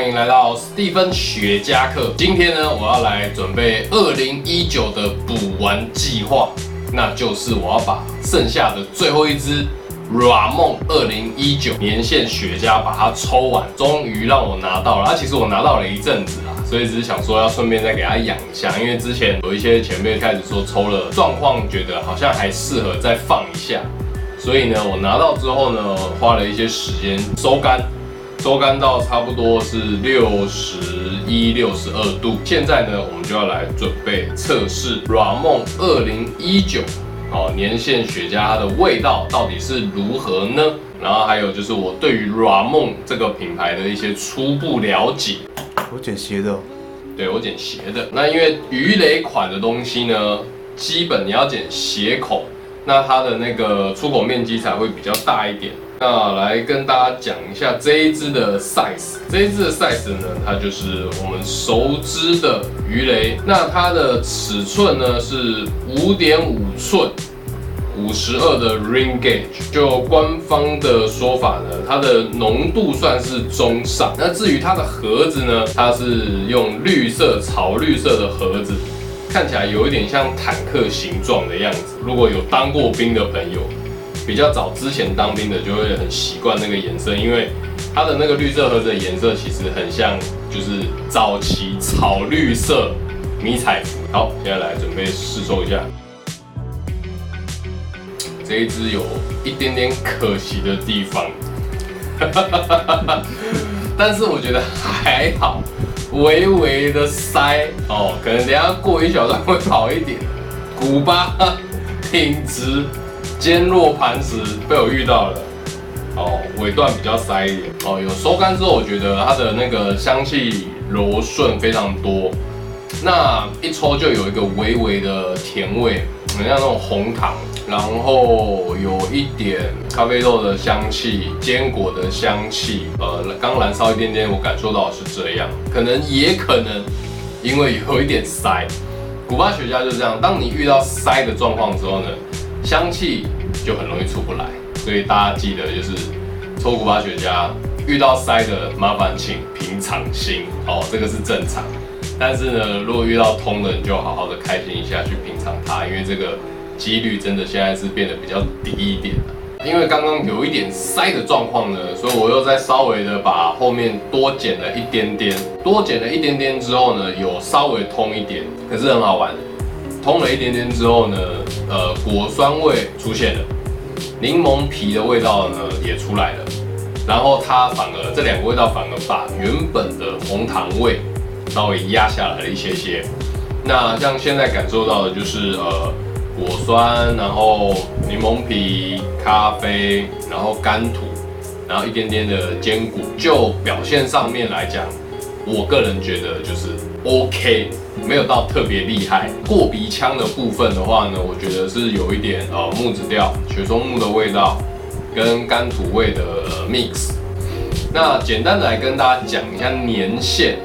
歡迎來到史蒂芬雪茄客。今天呢，我要來準備二零一九的補完計劃，那就是我要把剩下的最後一支 Ramón 二零一九年限雪茄把它抽完，終於讓我拿到了啊。其實我拿到了一陣子啊，所以只是想說要順便再給它養一下，因為之前有一些前輩開始說抽了狀況，覺得好像還適合再放一下，所以呢，我拿到之後呢，我花了一些時間收乾。收乾到差不多是六十一、六十二度。現在呢，我們就要來準備測試 Ramón 二零一九哦，年限雪茄，它的味道到底是如何呢？然後還有就是我對於 Ramón 這個品牌的一些初步了解。我剪斜的、哦，對，我剪斜的。那因為魚雷款的東西呢，基本你要剪斜口，那它的那個出口面積才會比較大一點。那來跟大家講一下這一支的 size，這一支的 size 呢，它就是我們熟知的魚雷。那它的尺寸呢，是五點五寸，五十二的 ring gauge。就官方的說法呢，它的濃度算是中上。那至於它的盒子呢，它是用綠色草綠色的盒子，看起來有一點像坦克形狀的樣子。如果有當過兵的朋友，比較早之前當兵的就會很習慣那個顏色，因為它的那個綠色盒子顏色其實很像就是早期草綠色迷彩服。好，接下來準備試抽一下。這一支有一點點可惜的地方，哈哈哈哈，但是我覺得還好，微微的塞哦，可能等一下過一小段會好一點。古巴，挺直。堅若磐石被我遇到了，哦，尾段比較塞一點，哦，有收乾之後，我覺得它的那個香氣柔順非常多，那一抽就有一個微微的甜味，很像那種紅糖，然後有一點咖啡豆的香氣，堅果的香氣，呃，剛燃燒一點點，我感受到是這樣，可能也可能因為有一點塞，古巴雪茄就是這樣，當你遇到塞的狀況之後呢，香氣就很容易出不來，所以大家記得就是抽古巴雪茄遇到塞的麻煩，請平常心哦，這個是正常。但是呢，如果遇到通的，你就好好的開心一下去品嘗它，因為這個幾率真的現在是變得比較低一點了。因為剛剛有一點塞的狀況呢，所以我又再稍微的把後面多剪了一點點，多剪了一點點之後呢，有稍微通一點，可是很好玩欸。沖了一點點之後呢，呃，果酸味出現了，檸檬皮的味道呢也出來了，然後它反而這兩個味道反而把原本的紅糖味稍微壓下來了一些些。那像現在感受到的就是呃果酸，然後檸檬皮、咖啡，然後乾土，然後一點點的堅果。就表現上面來講。我個人覺得就是 OK，沒有到特別厲害。過鼻腔的部分的話呢，我覺得是有一點呃、哦、木質調雪松木的味道跟乾土味的、呃、mix。那簡單的來跟大家講一下年限，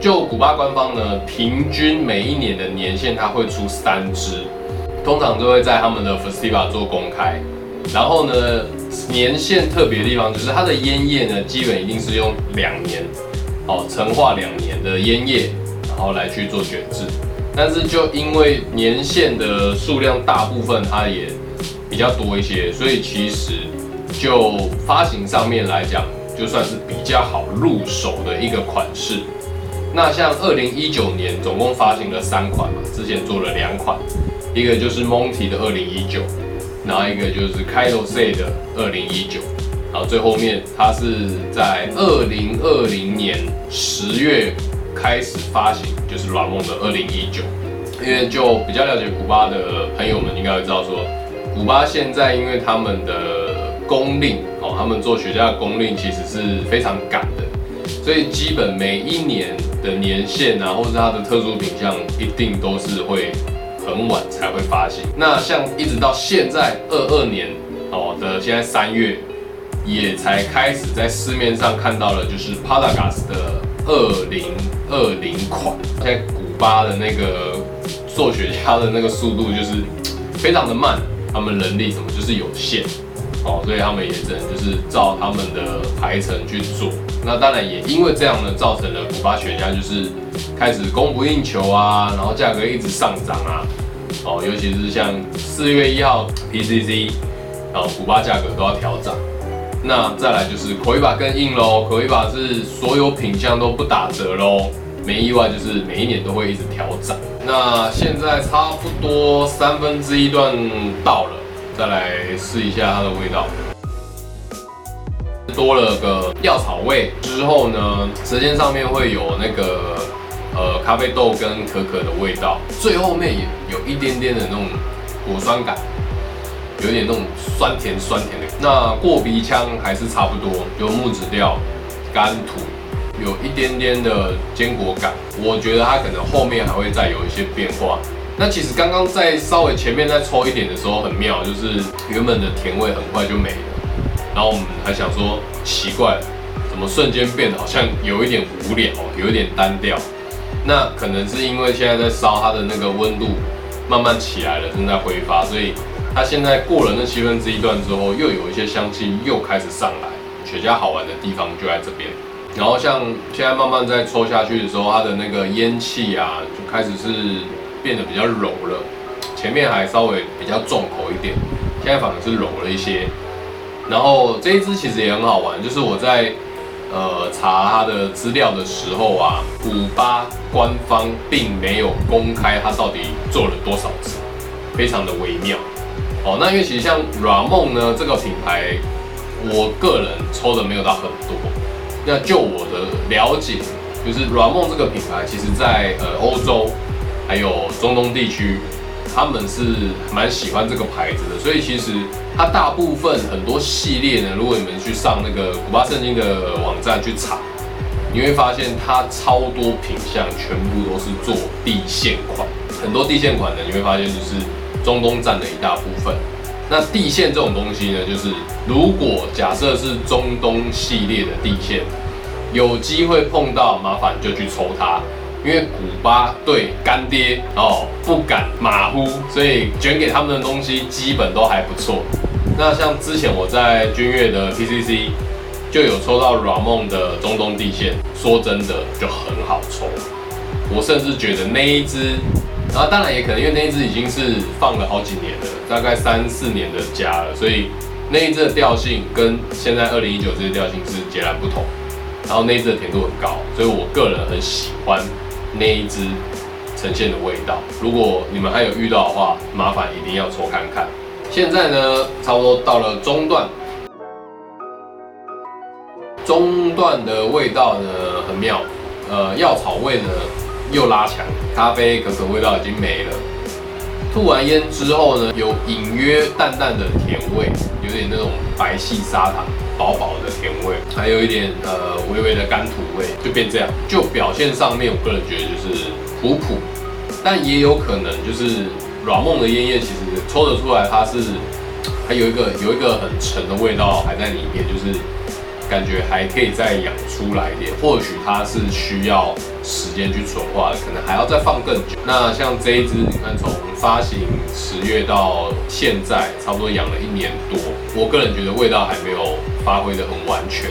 就古巴官方呢，平均每一年的年限它會出三支，通常都會在他們的 festival 做公開。然後呢，年限特別的地方就是它的煙葉呢，基本一定是用兩年。哦，陳化兩年的煙葉，然後來去做捲製，但是就因為年限的數量大部分它也比較多一些，所以其實就發行上面來講，就算是比較好入手的一個款式。那像二零一九年總共發行了三款嘛，之前做了兩款，一個就是 Monty 的二零一九，然後一個就是 Quai d'Orsay 的二零一九。最後面，它是在二零二零年十月開始發行，就是軟夢的二零一九。因為就比較了解古巴的朋友們應該會知道說，說古巴現在因為他們的工令，哦，他們做雪茄的工令其實是非常趕的，所以基本每一年的年限啊，或是它的特殊品項，一定都是會很晚才會發行。那像一直到現在二二年哦的現在三月。也才開始在市面上看到了，就是帕達嘎斯的二零二零款。現在古巴的那個做雪茄的那個速度就是非常的慢，他們人力什麼就是有限，哦，所以他們也只能就是照他們的排程去做。那當然也因為這樣呢，造成了古巴雪茄就是開始供不應求啊，然後價格一直上漲啊，哦，尤其是像四月一號 PCC，然後古巴價格都要調漲。那再來就是 Cohiba 更硬嘍，Cohiba 是所有品相都不打折嘍，沒意外就是每一年都會一直調漲。那現在差不多三分之一段到了，再來試一下它的味道。多了個藥草味之後呢，舌尖上面會有那個呃咖啡豆跟可可的味道，最後面也有一點點的那種果酸感。有一點那種酸甜酸甜的，那過鼻腔還是差不多，有木質調、乾土，有一點點的堅果感。我覺得它可能後面還會再有一些變化。那其實剛剛在稍微前面再抽一點的時候很妙，就是原本的甜味很快就沒了。然後我們還想說奇怪，怎麼瞬間變得好像有一點無聊、哦，有一點單調？那可能是因為現在在燒它的那個溫度慢慢起來了，正在揮發，所以。它現在過了那七分之一段之後，又有一些香氣又開始上來。雪茄好玩的地方就在這邊。然後像現在慢慢再抽下去的時候，它的那個煙氣啊，就開始是變得比較柔了。前面還稍微比較重口一點，現在反而是柔了一些。然後這一支其實也很好玩，就是我在呃查它的資料的時候啊，古巴官方並沒有公開它到底做了多少支，非常的微妙。哦，那因為其實像 Ramón 呢這個品牌，我個人抽的沒有到很多。那就我的了解，就是 Ramón 這個品牌，其實在呃歐洲還有中東地區，他們是蠻喜歡這個牌子的。所以其實它大部分很多系列呢，如果你們去上那個古巴聖經的、呃、網站去查，你會發現它超多品項全部都是做地限款，很多地限款的你會發現就是。中東占了一大部分，那地限這種東西呢，就是如果假設是中東系列的地限，有機會碰到麻煩就去抽它，因為古巴對乾爹哦不敢馬虎，所以卷給他們的東西基本都還不錯。那像之前我在君悅的 PCC 就有抽到 Ramón 的中東地限，說真的就很好抽，我甚至覺得那一支。那當然也可能，因為那一支已經是放了好幾年了，大概三四年的家了，所以那一支的調性跟現在二零一九這支調性是截然不同。然後那一支的甜度很高，所以我個人很喜歡那一支呈現的味道。如果你們還有遇到的話，麻煩一定要抽看看。現在呢，差不多到了中段，中段的味道呢很妙，呃，藥草味呢。又拉強，咖啡可可味道已經沒了。吐完煙之後呢，有隱約淡，淡淡的甜味，有點那種白細砂糖，薄薄的甜味，還有一點呃微微的乾土味，就變這樣。就表現上面，我個人覺得就是普普，但也有可能就是軟夢的煙葉，其實抽得出來它，它是還有一個有一個很沉的味道還在裡面，就是。感覺還可以再養出來一點，或許它是需要時間去存化的，可能還要再放更久。那像這一支，你看從發行十月到現在，差不多養了一年多，我個人覺得味道還沒有發揮得很完全，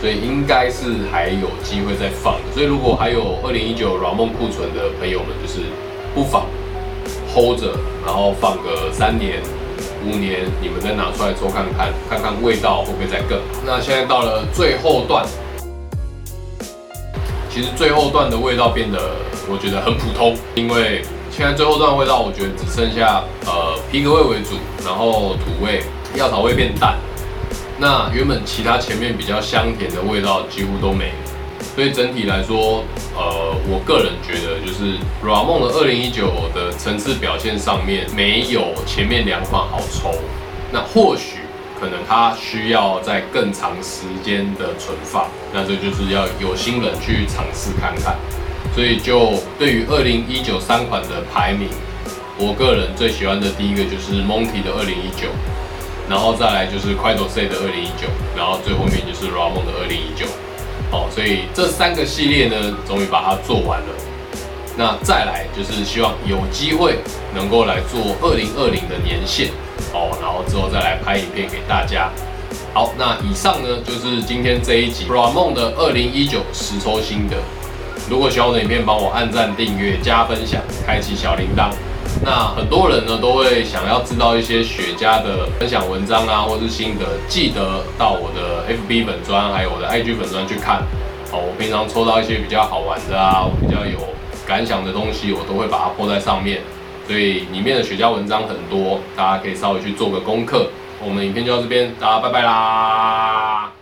所以應該是還有機會再放的。所以如果還有二零一九 Ramón 庫存的朋友們，就是不妨 hold 着，然後放個三年。五年，你們再拿出來抽看看，看看味道會不會再更。那現在到了最後段，其實最後段的味道變得，我覺得很普通，因為現在最後段的味道，我覺得只剩下呃皮革味為主，然後土味、藥草味變淡。那原本其他前面比較香甜的味道幾乎都沒。所以整體來說，呃，我個人覺得就是 Ramón 的二零一九的層次表現上面沒有前面兩款好抽，那或許可能它需要在更長時間的存放，那這就是要有心人去嘗試看看。所以就對於二零一九三款的排名，我個人最喜歡的第一個就是 Monty 的二零一九，然後再來就是 Quai d'Orsay 的二零一九，然後最後面就是 Ramón 的二零一九。好、哦、所以這三個系列呢，終於把它做完了。那再來就是希望有機會能夠來做二零二零的年限哦，然後之後再來拍影片給大家。好，那以上呢就是今天這一集 Ramón 的二零一九實抽心得。如果喜歡我的影片，幫我按讚、訂閱、加分享、開啟小鈴鐺。那很多人呢都會想要知道一些雪茄的分享文章啊，或是心得，記得到我的 FB 粉專還有我的 IG 粉專去看。好，我平常抽到一些比較好玩的啊，我比較有感想的東西，我都會把它鋪在上面，所以裡面的雪茄文章很多，大家可以稍微去做個功課。我們影片就到這邊，大家拜拜啦。